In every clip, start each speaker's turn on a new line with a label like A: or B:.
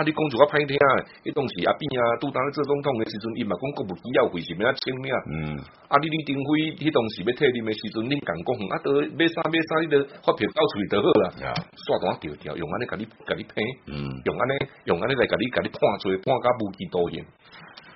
A: 啊、你講一點點阿啲工作較歹聽啊，啲東西啊，邊啊，拄當做總統誒時陣，伊嘛講國務機要費啥物啊，簽咩啊？
B: 你
A: 阿啲李登輝，當時要退掉誒時陣，恁敢講？啊，都買衫買衫，你都發票到處都好了。刷單掉掉，用安尼甲你甲你拼，嗯，用安尼用安尼來甲你甲你看做，看個無期徒刑。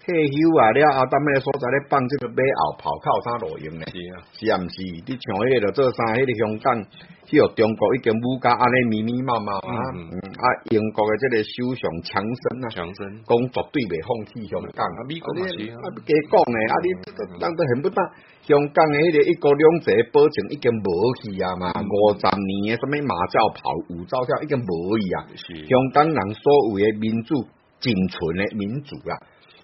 C: 退休啊！了後當個所在咧放這個馬後炮跑啥路用咧，欸？是啊，是啊，唔是？你像迄個做三，迄、那個香港，去到中國已經烏家，阿你密密麻麻啊！眉眉眉毛毛啊，嗯嗯啊，英國嘅這個首相強森啊，強森講絕對未放棄香港？嗯啊、美國是？咧、啊，都不得香港的那個一國兩制，保證已經無去啊嘛！嗯嗯五十年嘅什麼馬照跑，舞照跳已經無去啊！香港人所謂嘅民主，僅存嘅民主啊！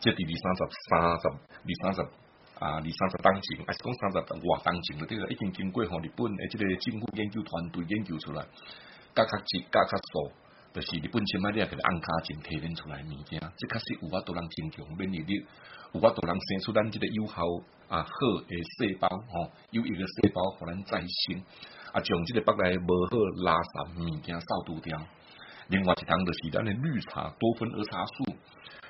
A: 即係二三十、三十、二三十啊，二三十冬前，還是講三十萬冬前嗰啲已經經過嗬，日本呢啲嘅政府研究團隊研究出來，甲格值、甲格數，就是日本前排啲啊，佢哋按價錢提煉出來物件，即係確實有法度人增強，免疫力，有法度人生出咱呢個有效啊好嘅細胞，哦，有一個細胞互咱再生，啊，將呢個腹內無好垃圾物件掃除掉。另外一檔就是咱啲綠茶，多酚兒茶素。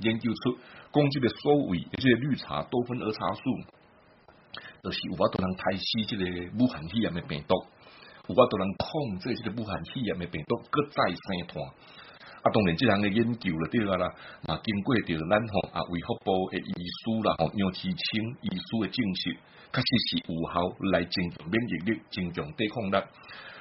A: 研究出攻擊的所謂即個綠茶多酚兒茶素，都、就是有法度能殺死即個武漢肺炎的病毒，有法度能控制即個武漢肺炎的病毒擱再生團。啊，當然即項嘅研究對了對個啦，啊經過着咱吼啊，衛福部嘅醫師啦，吼楊志清醫師嘅證實，確實是有效來增強免疫力、增強抵抗力。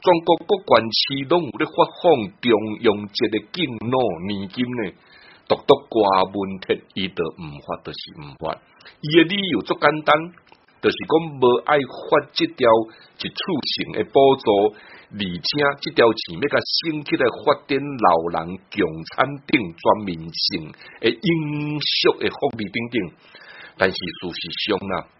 A: 全國各縣市攏有咧發放中央級的敬老年金呢，獨獨郭文鐵伊都唔發，就是唔發。伊個理由足簡單，就是講無愛發這條一次性嘅補助，而且這條錢要佮升級來發展老人共產病全面性嘅應需嘅福利等等，但是事實上啊。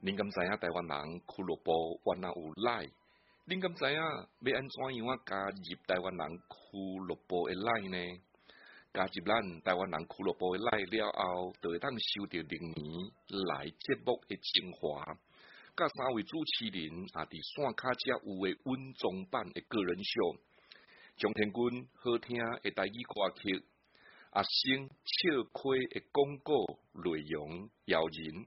A: 您敢知影台灣人俱樂部，雲南有奶。您敢知啊？要安怎樣啊？加入台灣人俱樂部的奶呢？加入咱台灣人俱樂部的奶了後，就會通收到明年來節目嘅精華。甲三位主持人啊，佇山腳腳有嘅温中辦嘅個人秀，蔣天軍好聽嘅台語歌曲，阿星笑開嘅廣告內容誘人。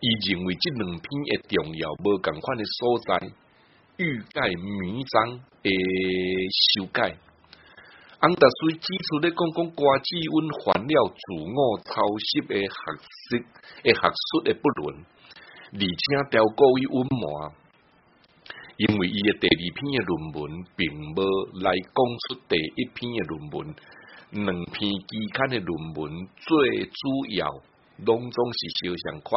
A: 伊認為即兩篇嘅重要無共款嘅所在，欲蓋彌彰嘅修改。安德斯指出，咧講講瓜子溫還了自我抄襲嘅學術，嘅學術嘅不論，而且掉高於溫魔。因為伊嘅第二篇嘅論文，並無來講出第一篇嘅論文，兩篇期刊嘅論文最主要攏總是相像款。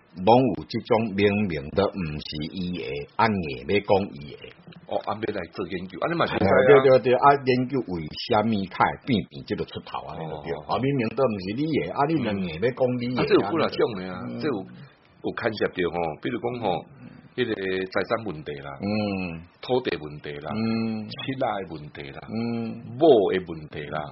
C: 攏有這種明明的，唔是伊個，按爺咪講伊個，
A: 哦，按、啊、咪來做研究，啊，你咪去睇啊。對
C: 對對，啊，研究為蝦米太變變就得出頭啊？哦，對啊、明明都唔是你個、嗯，啊，你咪爺咪講你個。啊，有古來講的啊，這有、
A: 嗯、這有看下吼，比如講吼，那個財產問題啦，
B: 嗯，
A: 土地問題啦，嗯，錢的問題
B: 啦，嗯，某
A: 的問題啦。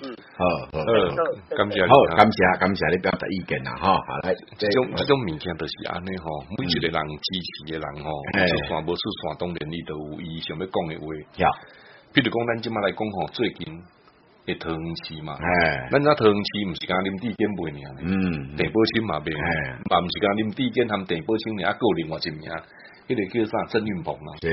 B: 嗯，好、嗯，好、嗯，咁、嗯、住、嗯嗯，
A: 好，感謝，感謝，你表達意見啊，吓，係，呢種即種物件著是安尼吼，每一個人、嗯、支持嘅人，吼，唔算，唔算，唔算，當然你著有，伊想欲講嘅話，呀，比如講，即擺來講，吼，最近嘅唐詩嘛，誒，嗱，嗱唐詩毋是講林志堅背嘅，
B: 嗯，
A: 鄭寶清嘛背，誒，嘛毋是林志堅，他們鄭寶清，猶擱有另外一名，迄、那個叫啥曾運鵬嘛，對。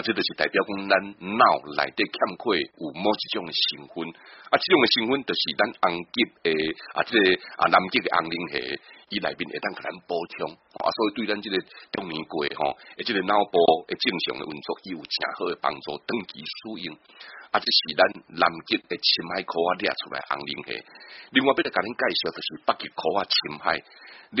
A: 啊、這就是代表講咱腦內的欠缺有某一種嘅成分，啊，這種嘅成分就是咱紅基誒，啊，即、這個、啊南極嘅紅磷蝦伊內邊會當予咱補充，啊，所以對咱這個中年過吼，而、啊、且、這個腦部誒正常嘅運作有真好嘅幫助，長期使用，啊，這是咱南極嘅深海殼啊掠出來紅磷蝦，另外要個甲您介紹就是北極殼啊深海掠。